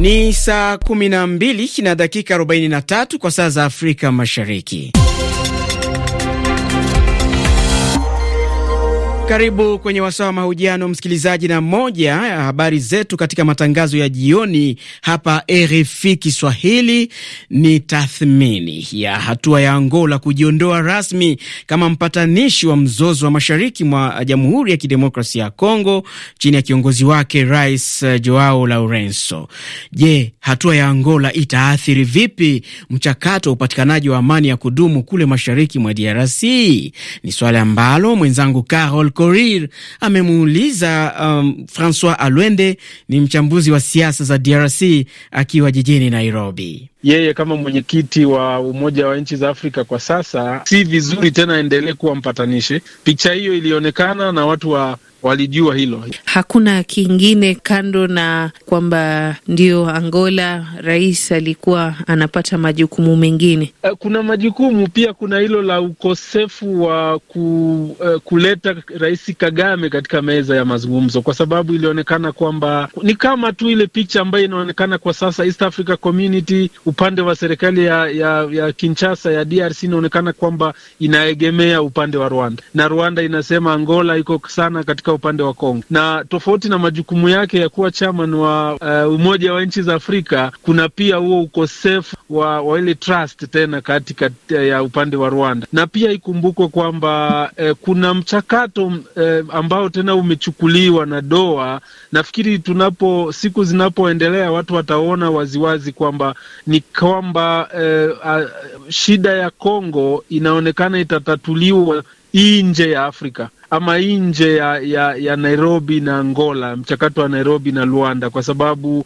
Ni saa 12 na dakika 43 kwa saa za Afrika Mashariki. Karibu kwenye wasaa wa mahojiano msikilizaji, na moja ya habari zetu katika matangazo ya jioni hapa RFI Kiswahili ni tathmini ya hatua ya Angola kujiondoa rasmi kama mpatanishi wa mzozo wa mashariki mwa Jamhuri ya Kidemokrasia ya Kongo chini ya kiongozi wake Rais Joao Lourenco. Je, hatua ya Angola itaathiri vipi mchakato wa upatikanaji wa amani ya kudumu kule mashariki mwa DRC? Ni swali ambalo mwenzangu Carol Korir amemuuliza um, Francois Alwende ni mchambuzi wa siasa za DRC akiwa jijini Nairobi. Yeye kama mwenyekiti wa Umoja wa Nchi za Afrika kwa sasa, si vizuri tena aendelee kuwa mpatanishi. Picha hiyo ilionekana na watu wa walijua hilo. Hakuna kingine kando na kwamba ndio Angola, rais alikuwa anapata majukumu mengine. Eh, kuna majukumu pia, kuna hilo la ukosefu wa ku, eh, kuleta Rais Kagame katika meza ya mazungumzo, kwa sababu ilionekana kwamba ni kama tu ile picha ambayo inaonekana kwa sasa East Africa Community, upande wa serikali ya, ya, ya Kinshasa ya DRC inaonekana kwamba inaegemea upande wa Rwanda na Rwanda inasema Angola iko sana katika katika upande wa Kongo, na tofauti na majukumu yake ya kuwa chairman wa uh, Umoja wa Nchi za Afrika, kuna pia huo ukosefu wa, wa ile trust tena katika uh, ya upande wa Rwanda, na pia ikumbukwe kwamba eh, kuna mchakato eh, ambao tena umechukuliwa na Doa. Nafikiri tunapo siku zinapoendelea watu wataona waziwazi kwamba ni kwamba eh, a, shida ya Kongo inaonekana itatatuliwa nje ya Afrika ama nje ya, ya, ya Nairobi na Angola, mchakato wa Nairobi na Luanda, kwa sababu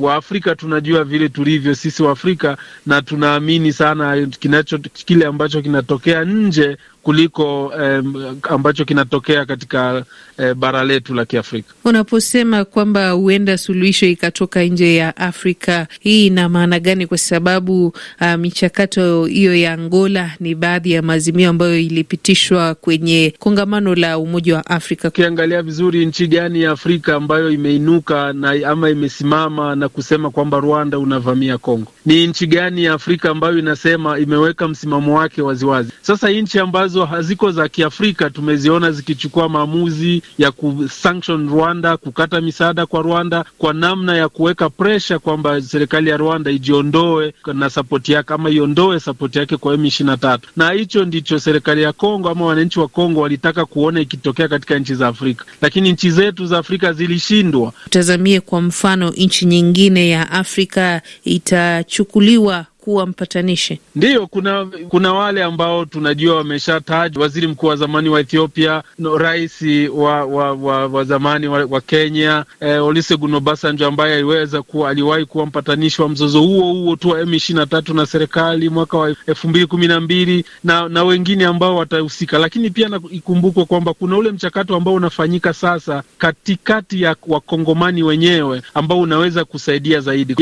wa Waafrika tunajua vile tulivyo sisi Waafrika na tunaamini sana kinacho kile ambacho kinatokea nje kuliko um, ambacho kinatokea katika eh, bara letu la Kiafrika. Unaposema kwamba huenda suluhisho ikatoka nje ya Afrika, hii ina maana gani? Kwa sababu uh, michakato hiyo ya Angola ni baadhi ya maazimio ambayo ilipitishwa kwenye kongamano la Umoja wa Afrika. Ukiangalia vizuri, nchi gani ya Afrika ambayo imeinuka na ama imesimama na kusema kwamba Rwanda unavamia Kongo? Ni nchi gani ya Afrika ambayo inasema imeweka msimamo wake waziwazi? Sasa nchi ambazo haziko za Kiafrika tumeziona zikichukua maamuzi ya kusanction Rwanda, kukata misaada kwa Rwanda kwa namna ya kuweka presha kwamba serikali ya Rwanda ijiondoe na sapoti yake ama iondoe sapoti yake kwa M ishirini na tatu, na hicho ndicho serikali ya Kongo ama wananchi wa Kongo walitaka ku kuona ikitokea katika nchi za Afrika, lakini nchi zetu za Afrika zilishindwa. Tazamie kwa mfano nchi nyingine ya Afrika itachukuliwa kuwa mpatanishi? Ndiyo, kuna kuna wale ambao tunajua wameshataja, waziri mkuu wa zamani wa Ethiopia no, rais wa, wa, wa, wa zamani wa, wa Kenya eh, Olusegun Obasanjo ambaye aliweza kuwa aliwahi kuwa mpatanishi wa mzozo huo huo tu wa M ishirini na tatu na serikali mwaka wa elfu mbili kumi na mbili na na wengine ambao watahusika, lakini pia ikumbukwe kwamba kuna ule mchakato ambao unafanyika sasa katikati ya wakongomani wenyewe ambao unaweza kusaidia zaidi.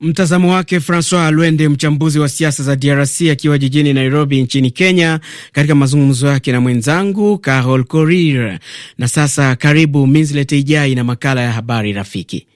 Mtazamo wake Francois Alwende, mchambuzi wa siasa za DRC akiwa jijini Nairobi nchini Kenya, katika mazungumzo yake na mwenzangu Carol Korir. Na sasa karibu Minslet Ijai na makala ya habari rafiki.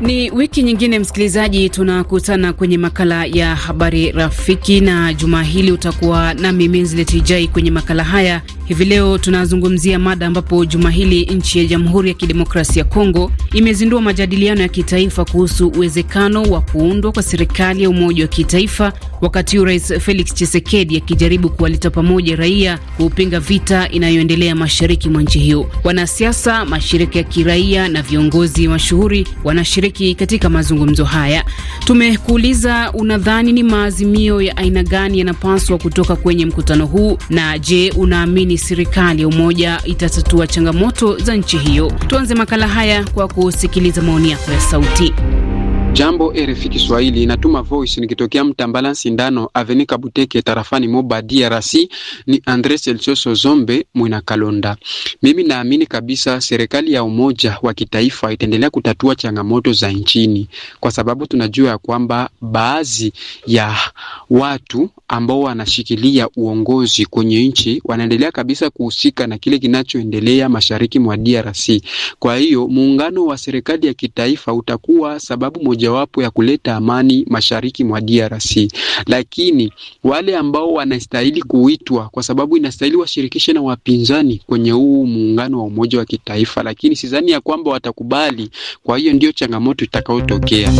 Ni wiki nyingine, msikilizaji, tunakutana kwenye makala ya habari rafiki, na juma hili utakuwa nami Minslet Ijai kwenye makala haya Hivi leo tunazungumzia mada ambapo juma hili nchi ya Jamhuri ya Kidemokrasia ya Kongo imezindua majadiliano ya kitaifa kuhusu uwezekano wa kuundwa kwa serikali ya umoja wa kitaifa, wakati huu Rais Felix Tshisekedi akijaribu kuwaleta pamoja raia kuupinga vita inayoendelea mashariki mwa nchi hiyo. Wanasiasa, mashirika ya kiraia na viongozi mashuhuri wanashiriki katika mazungumzo haya. Tumekuuliza, unadhani ni maazimio ya aina gani yanapaswa kutoka kwenye mkutano huu, na je, unaamini serikali ya umoja itatatua changamoto za nchi hiyo? Tuanze makala haya kwa kusikiliza maoni yako ya sauti. Jambo RFI Kiswahili inatuma voice nikitokea Mtambala Sindano Avenika Buteke tarafani Moba DRC. Ni Andre Selsoso Zombe Mwina Kalonda. Mimi naamini kabisa serikali ya umoja wa kitaifa itaendelea kutatua changamoto za nchini, kwa sababu tunajua ya kwamba baadhi ya watu ambao wanashikilia uongozi kwenye nchi wanaendelea kabisa kuhusika na kile kinachoendelea mashariki mwa DRC. Kwa hiyo muungano wa serikali ya kitaifa utakuwa sababu moja mojawapo ya kuleta amani mashariki mwa DRC, lakini wale ambao wanastahili kuitwa, kwa sababu inastahili washirikishe na wapinzani kwenye huu muungano wa umoja wa kitaifa, lakini sidhani ya kwamba watakubali. Kwa hiyo ndio changamoto itakayotokea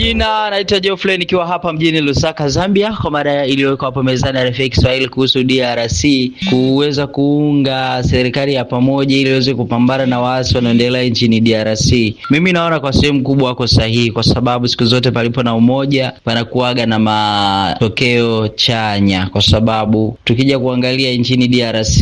majina, naitwa Geoffrey nikiwa hapa mjini Lusaka, Zambia, kwa mada iliyowekwa hapo mezani ya RFI Kiswahili kuhusu DRC kuweza kuunga serikali ya pamoja ili iweze kupambana na waasi wanaoendelea nchini DRC. Mimi naona kwa sehemu kubwa wako sahihi, kwa sababu siku zote palipo na umoja panakuaga na matokeo chanya, kwa sababu tukija kuangalia nchini DRC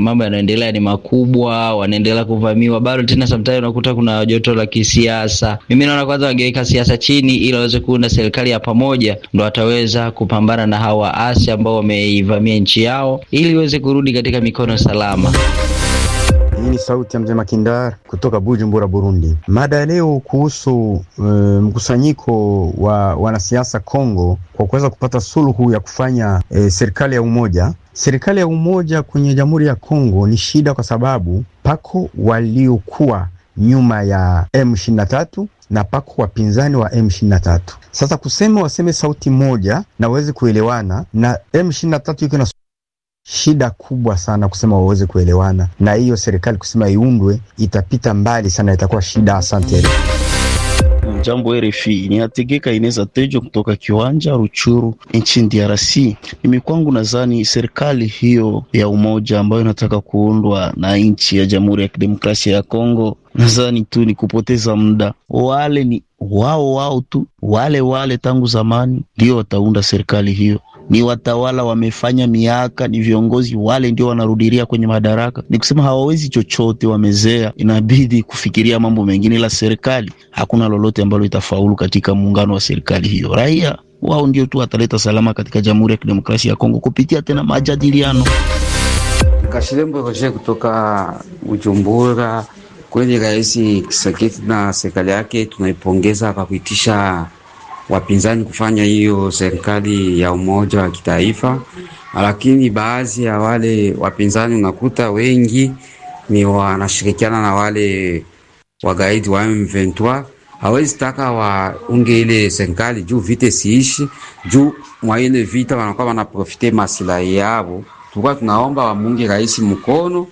mambo yanaendelea ni makubwa, wanaendelea kuvamiwa bado tena, sometimes unakuta kuna joto la kisiasa. Mimi naona kwanza wangeweka siasa chini ili waweze kuunda serikali ya pamoja, ndo wataweza kupambana na hawa waasi ambao wameivamia nchi yao ili iweze kurudi katika mikono salama. Hii ni sauti ya mzee Makindar kutoka Bujumbura, Burundi. Mada ya leo kuhusu e, mkusanyiko wa wanasiasa Kongo kwa kuweza kupata suluhu ya kufanya e, serikali ya umoja. Serikali ya umoja kwenye Jamhuri ya Kongo ni shida, kwa sababu pako waliokuwa nyuma ya M23 na pako wapinzani wa M23. Sasa kusema waseme sauti moja na waweze kuelewana, na M23 iko na shida kubwa sana kusema waweze kuelewana, na hiyo serikali kusema iundwe itapita mbali sana, itakuwa shida. Asante. Jambo RFI, ni ninategeka Ineza Tejo kutoka kiwanja Ruchuru nchini DRC. Mimi kwangu nadhani serikali hiyo ya umoja ambayo inataka kuundwa na nchi ya Jamhuri ya Kidemokrasia ya Kongo nadhani tu ni kupoteza muda. Wale ni wao wao tu wale wale tangu zamani ndio wataunda serikali hiyo ni watawala wamefanya miaka, ni viongozi wale ndio wanarudiria kwenye madaraka. Ni kusema hawawezi chochote, wamezea, inabidi kufikiria mambo mengine, la serikali hakuna lolote ambalo itafaulu katika muungano wa serikali hiyo. Raia wao ndio tu wataleta salama katika Jamhuri ya Kidemokrasia ya Kongo kupitia tena majadiliano. Kashilembo Roje kutoka Ujumbura. Kweli Rais Kisaketi na serikali yake tunaipongeza kwa kuitisha wapinzani kufanya hiyo serikali ya umoja wa kitaifa, lakini baadhi ya wale wapinzani unakuta wengi ni wanashirikiana na wale wagaidi wa M23. Hawezi taka waunge ile serikali juu vite siishi juu mwa ile vita, wanakuwa wanaprofite masilahi yao. Tulikuwa tunaomba wamunge rais mkono,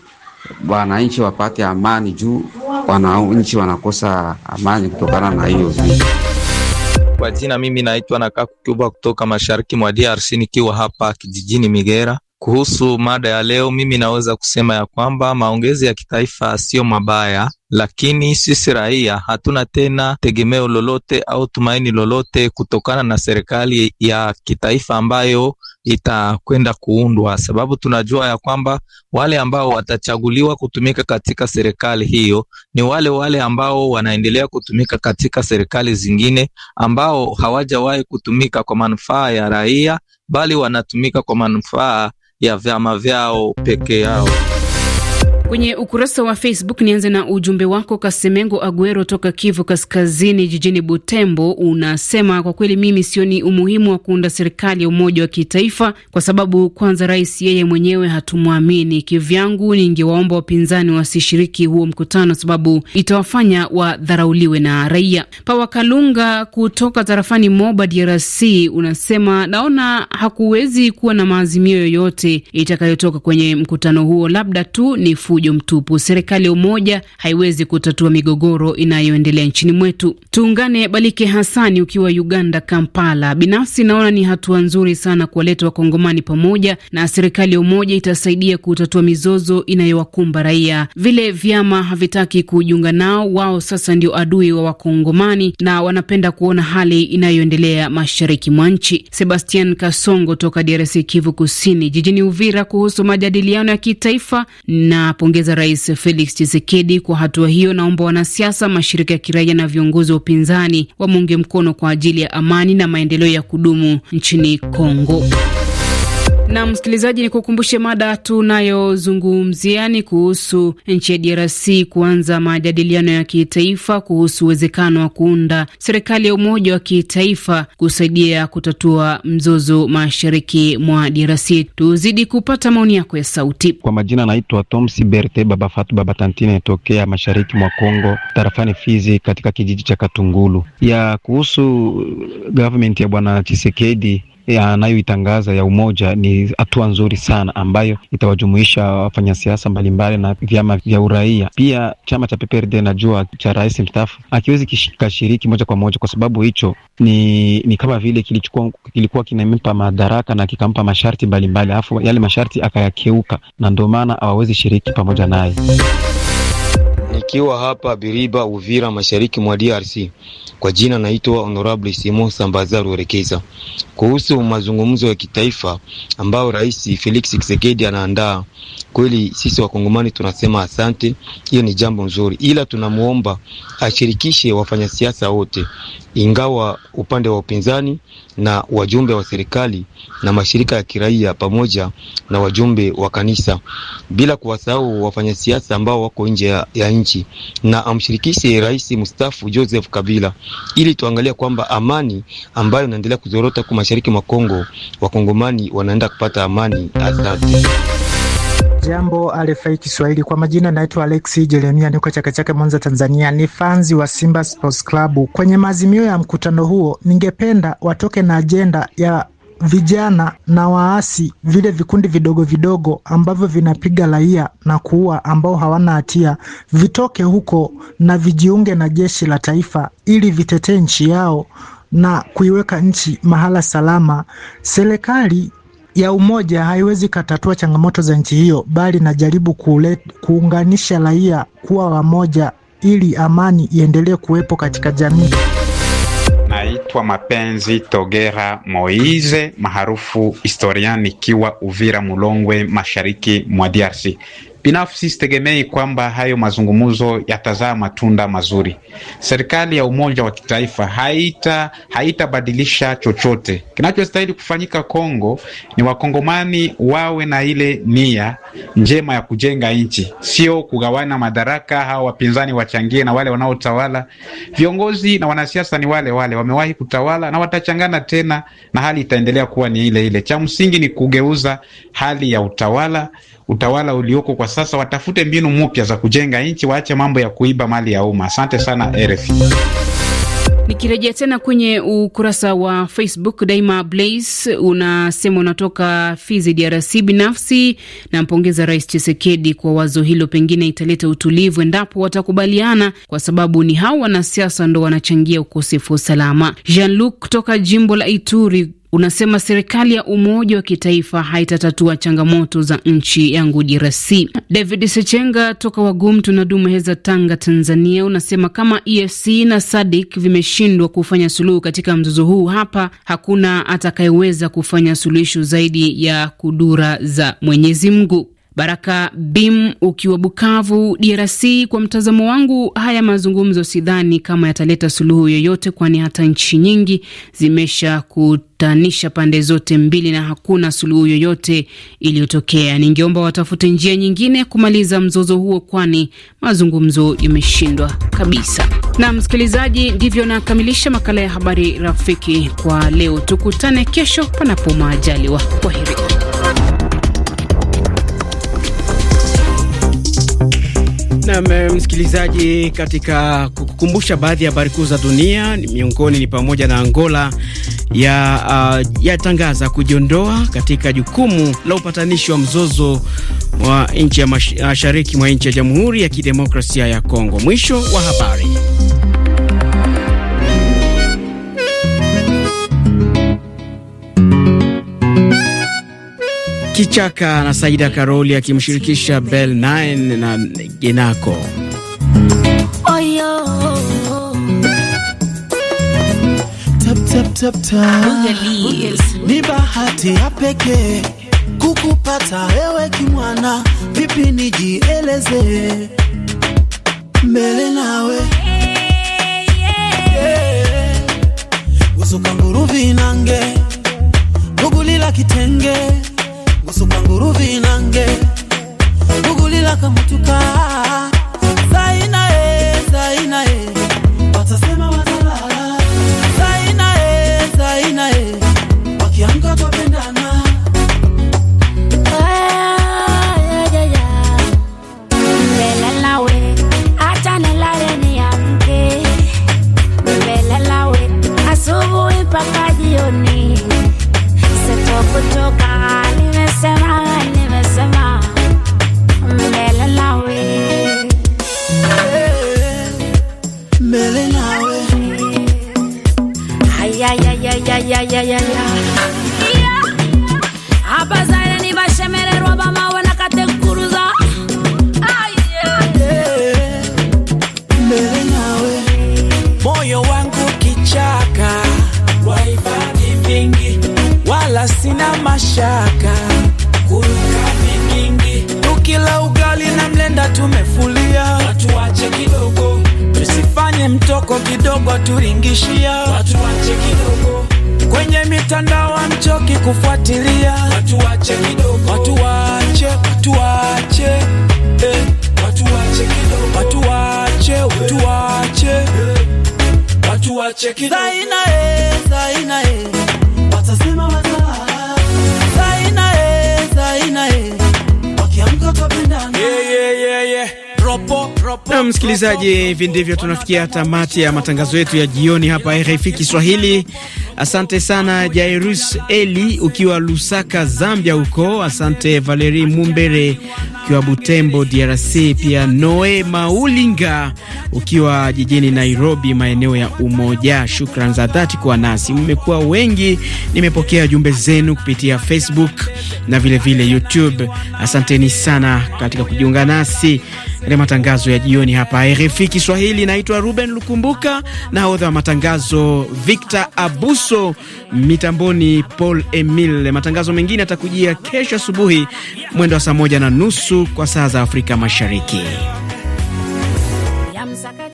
wananchi wapate amani juu wananchi wanakosa amani kutokana na hiyo vita. Kwa jina mimi naitwa Nakaku Kubwa kutoka mashariki mwa DRC nikiwa hapa kijijini Migera. Kuhusu mada ya leo, mimi naweza kusema ya kwamba maongezi ya kitaifa sio mabaya, lakini sisi raia hatuna tena tegemeo lolote au tumaini lolote kutokana na serikali ya kitaifa ambayo itakwenda kuundwa, sababu tunajua ya kwamba wale ambao watachaguliwa kutumika katika serikali hiyo ni wale wale ambao wanaendelea kutumika katika serikali zingine, ambao hawajawahi kutumika kwa manufaa ya raia, bali wanatumika kwa manufaa ya vyama vyao peke yao. Kwenye ukurasa wa Facebook, nianze na ujumbe wako Kasemengo Aguero toka Kivu Kaskazini, jijini Butembo. Unasema kwa kweli, mimi sioni umuhimu wa kuunda serikali ya umoja wa kitaifa kwa sababu kwanza, rais yeye mwenyewe hatumwamini. Kivyangu ningewaomba wapinzani wasishiriki huo mkutano, sababu itawafanya wadharauliwe na raia. Pawakalunga kutoka tarafani Moba, DRC, unasema naona hakuwezi kuwa na maazimio yoyote itakayotoka kwenye mkutano huo, labda tu ni fujo mtupu. Serikali ya umoja haiwezi kutatua migogoro inayoendelea nchini mwetu. Tuungane Balike Hasani ukiwa Uganda, Kampala. Binafsi naona ni hatua nzuri sana kuwaleta wakongomani pamoja, na serikali ya umoja itasaidia kutatua mizozo inayowakumba raia. Vile vyama havitaki kujiunga nao, wao sasa ndio adui wa wakongomani na wanapenda kuona hali inayoendelea mashariki mwa nchi. Sebastian Kasongo toka DRC, Kivu Kusini, jijini Uvira, kuhusu majadiliano ya kitaifa na kumpongeza Rais Felix chisekedi kwa hatua hiyo. Naomba wanasiasa, mashirika ya kiraia na viongozi wa upinzani wamuunge mkono kwa ajili ya amani na maendeleo ya kudumu nchini Kongo. Na msikilizaji, ni kukumbushe mada tunayozungumzia ni kuhusu nchi ya DRC kuanza majadiliano ya kitaifa kuhusu uwezekano wa kuunda serikali ya umoja wa kitaifa kusaidia kutatua mzozo mashariki mwa DRC. Tuzidi kupata maoni yako ya sauti. Kwa majina anaitwa Tomsi Berte Baba Fatu Baba Tantine tokea mashariki mwa Kongo, tarafani Fizi, katika kijiji cha Katungulu ya kuhusu government ya Bwana Chisekedi anayoitangaza ya umoja ni hatua nzuri sana ambayo itawajumuisha wafanyasiasa mbalimbali na vyama vya uraia. Pia chama cha PPRD najua cha rais mstaafu akiwezi kikashiriki moja kwa moja, kwa sababu hicho ni, ni kama vile kilichukua, kilikuwa kinampa madaraka na kikampa masharti mbalimbali, alafu yale masharti akayakeuka, na ndio maana hawawezi shiriki pamoja naye nikiwa hapa Biriba, Uvira, mashariki mwa DRC. Kwa jina naitwa Honorable Simon Sambazaru Rekeza. Kuhusu mazungumzo ya kitaifa ambayo Rais Felix Tshisekedi anaandaa kweli sisi wakongomani tunasema asante, hiyo ni jambo nzuri, ila tunamwomba ashirikishe wafanyasiasa wote, ingawa upande wa upinzani na wajumbe wa serikali na mashirika ya kiraia pamoja na wajumbe wa kanisa, bila kuwasahau wafanyasiasa ambao wako nje ya, ya nchi, na amshirikishe rais mstaafu Joseph Kabila ili tuangalia kwamba amani ambayo inaendelea kuzorota huku mashariki mwa Kongo, wakongomani wanaenda kupata amani. Asante. Jambo RFI Kiswahili, kwa majina naitwa Alexi Jeremia, niko chake Mwanza, Tanzania. Ni fanzi wa Simba Sports Club. Kwenye maazimio ya mkutano huo, ningependa watoke na ajenda ya vijana na waasi, vile vikundi vidogo vidogo ambavyo vinapiga raia na kuua ambao hawana hatia, vitoke huko na vijiunge na jeshi la taifa ili vitetee nchi yao na kuiweka nchi mahala salama. Serikali ya umoja haiwezi katatua changamoto za nchi hiyo, bali najaribu kule, kuunganisha raia kuwa wamoja ili amani iendelee kuwepo katika jamii. Naitwa Mapenzi Togera Moize maarufu historian, nikiwa Uvira Mulongwe, mashariki mwa DRC. Binafsi sitegemei kwamba hayo mazungumzo yatazaa matunda mazuri. Serikali ya umoja wa kitaifa haita haitabadilisha chochote. Kinachostahili kufanyika Kongo ni wakongomani wawe na ile nia njema ya kujenga nchi, sio kugawana madaraka. au wapinzani wachangie na wale wanaotawala. Viongozi na wanasiasa ni wale wale, wamewahi kutawala na watachangana tena, na hali itaendelea kuwa ni ile ile. Cha msingi ni kugeuza hali ya utawala utawala ulioko kwa sasa watafute mbinu mpya za kujenga nchi, waache mambo ya kuiba mali ya umma. Asante sana RFI. Nikirejea tena kwenye ukurasa wa Facebook, Daima Blaze unasema unatoka Fizi, DRC. Binafsi nampongeza Rais Chisekedi kwa wazo hilo, pengine italeta utulivu endapo watakubaliana, kwa sababu ni hao wanasiasa ndo wanachangia ukosefu wa usalama. Jean Luc kutoka jimbo la Ituri unasema serikali ya umoja wa kitaifa haitatatua changamoto za nchi yangu DRC. David Sechenga toka Wagum heza Tanga, Tanzania, unasema kama EFC na SADIK vimeshindwa kufanya suluhu katika mzozo huu, hapa hakuna atakayeweza kufanya suluhisho zaidi ya kudura za Mwenyezi Mungu. Baraka Bim ukiwa Bukavu, DRC. Kwa mtazamo wangu, haya mazungumzo sidhani kama yataleta suluhu yoyote, kwani hata nchi nyingi zimesha kutanisha pande zote mbili na hakuna suluhu yoyote iliyotokea. Ningeomba watafute njia nyingine kumaliza mzozo huo, kwani mazungumzo yameshindwa kabisa. Na msikilizaji, ndivyo nakamilisha makala ya habari rafiki kwa leo. Tukutane kesho, panapo Kwa heri. Nam eh, msikilizaji, katika kukumbusha baadhi ya habari kuu za dunia, miongoni ni pamoja na Angola ya uh, yatangaza kujiondoa katika jukumu la upatanishi wa mzozo wa nchi ya mashariki mwa nchi ya Jamhuri ya Kidemokrasia ya Kongo. Mwisho wa habari. Kichaka na Saida Karoli akimshirikisha Bel 9 na Genako. Ni bahati ya pekee kukupata wewe kimwana, vipi nijieleze mbele nawe uso kanguru vinange, kitenge masuka nguruvi nange ugulila kamutuka saina e, saina Check it out. Na msikilizaji, hivi ndivyo tunafikia tamati ya matangazo yetu ya jioni hapa RFI Kiswahili. Asante sana Jairus Eli ukiwa Lusaka, Zambia huko. Asante Valeri Mumbere ukiwa Butembo, DRC. Pia Noe Maulinga ukiwa jijini Nairobi, maeneo ya Umoja. Shukran za dhati kwa nasi, mmekuwa wengi. Nimepokea jumbe zenu kupitia Facebook na vilevile vile YouTube. Asanteni sana katika kujiunga nasi katika matangazo ya jioni hapa RFI Kiswahili. Naitwa Ruben Lukumbuka, nahodha wa matangazo Victor Abuso, mitamboni Paul Emil. Matangazo mengine atakujia kesho asubuhi mwendo wa saa moja na nusu kwa saa za Afrika Mashariki.